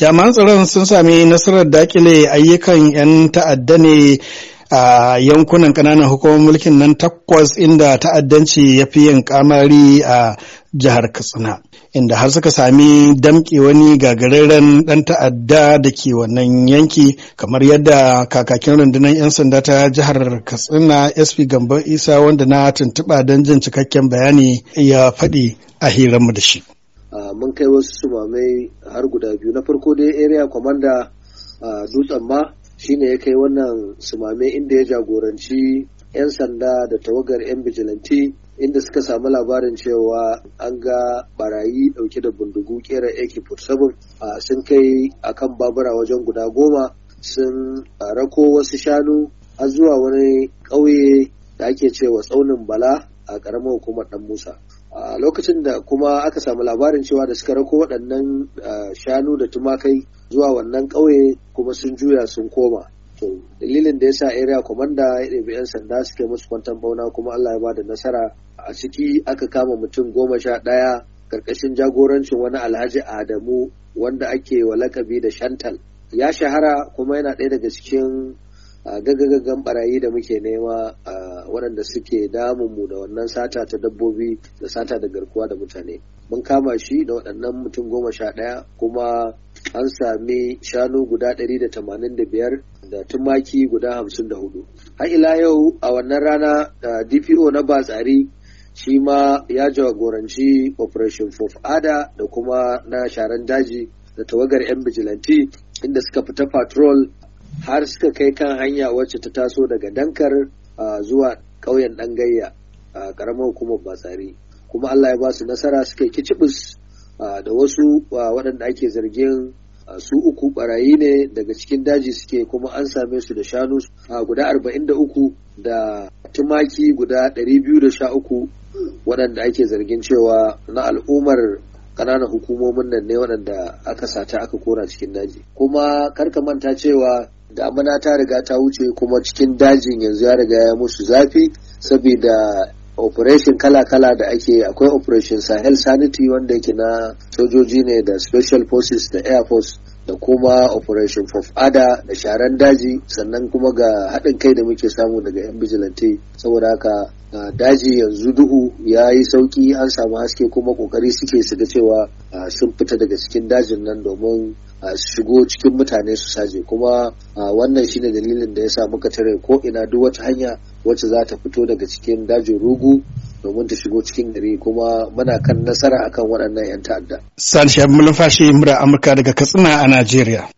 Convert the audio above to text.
jami'an tsaron sun sami nasarar dakile ayyukan 'yan ta'adda ne a yankunan kananan hukumar mulkin nan takwas inda ta'addanci ya fi yin kamari a jihar katsina inda har suka sami damƙe wani gagararren ɗan ta'adda da ke wannan yanki kamar yadda kakakin rundunar 'yan sanda ta jihar katsina sp Gambo isa wanda na tuntuɓa don jin cikakken bayani ya faɗi a hiranmu da shi mun kai wasu sumamai har guda biyu na farko dai area commander dutsen ma shine ya kai wannan sumame inda ya jagoranci 'yan sanda da tawagar 'yan bijilanti inda suka samu labarin cewa an ga barayi dauke da bindigu kera ak-47 sun kai akan babura wajen guda goma sun rako wasu shanu har zuwa wani ƙauye da ake cewa tsaunin bala a ƙaramar hukumar dan musa a lokacin da kuma aka samu labarin cewa da suka rako waɗannan shanu da tumakai zuwa wannan ƙauye kuma sun juya sun koma to dalilin da yasa area commander ya ɗebi 'yan sanda suke musu kwantan bauna kuma allah ya ba da nasara a ciki aka kama mutum goma sha ɗaya ƙarƙashin jagorancin wani alhaji adamu wanda ake wa lakabi da shantal ya shahara kuma yana ɗaya daga cikin gagagagan barayi da muke nema a waɗanda suke damun mu da wannan sata ta dabbobi da sata da garkuwa da mutane mun kama shi da waɗannan mutum goma sha ɗaya kuma an sami shanu guda ɗari da tamanin da biyar da tumaki guda hamsin da hudu har ila yau a wannan rana da dpo na batsari shi ma ya jagoranci operation Fof Ada da kuma na sharan daji da tawagar 'yan bijilanti inda suka fita patrol har suka kai kan hanya wacce ta taso daga dankar zuwa ƙauyen ɗangayya a ƙaramar hukumar basari kuma allah ya ba su nasara suka yi kicibis da wasu waɗanda ake zargin su uku barayi ne daga cikin daji suke kuma an same su da shanu guda arba'in da uku da tumaki guda ɗari biyu da sha uku waɗanda ake zargin cewa na al'ummar ƙananan hukumomin nan ne waɗanda aka sata aka kora cikin daji kuma karka manta cewa damuna ta riga ta wuce kuma cikin dajin yanzu ya riga ya musu zafi saboda operation kala-kala da ake akwai operation sahel sanity wanda yake na sojoji ne da special forces da air force da kuma operation ada da sharan daji sannan kuma ga haɗin kai da muke samu daga yan vigilante saboda haka daji yanzu duhu ya yi sauki an samu haske kuma kokari suke su ga cewa sun fita daga cikin dajin nan domin su shigo cikin mutane su saje kuma wannan shine dalilin da ya sa muka tare ko ina duk wata hanya wacce za ta fito daga cikin dajin rugu domin ta shigo cikin gari kuma muna kan nasara akan waɗannan 'yan ta'adda. Sani Shabi Mulfashi Mura Amurka daga Katsina a Najeriya.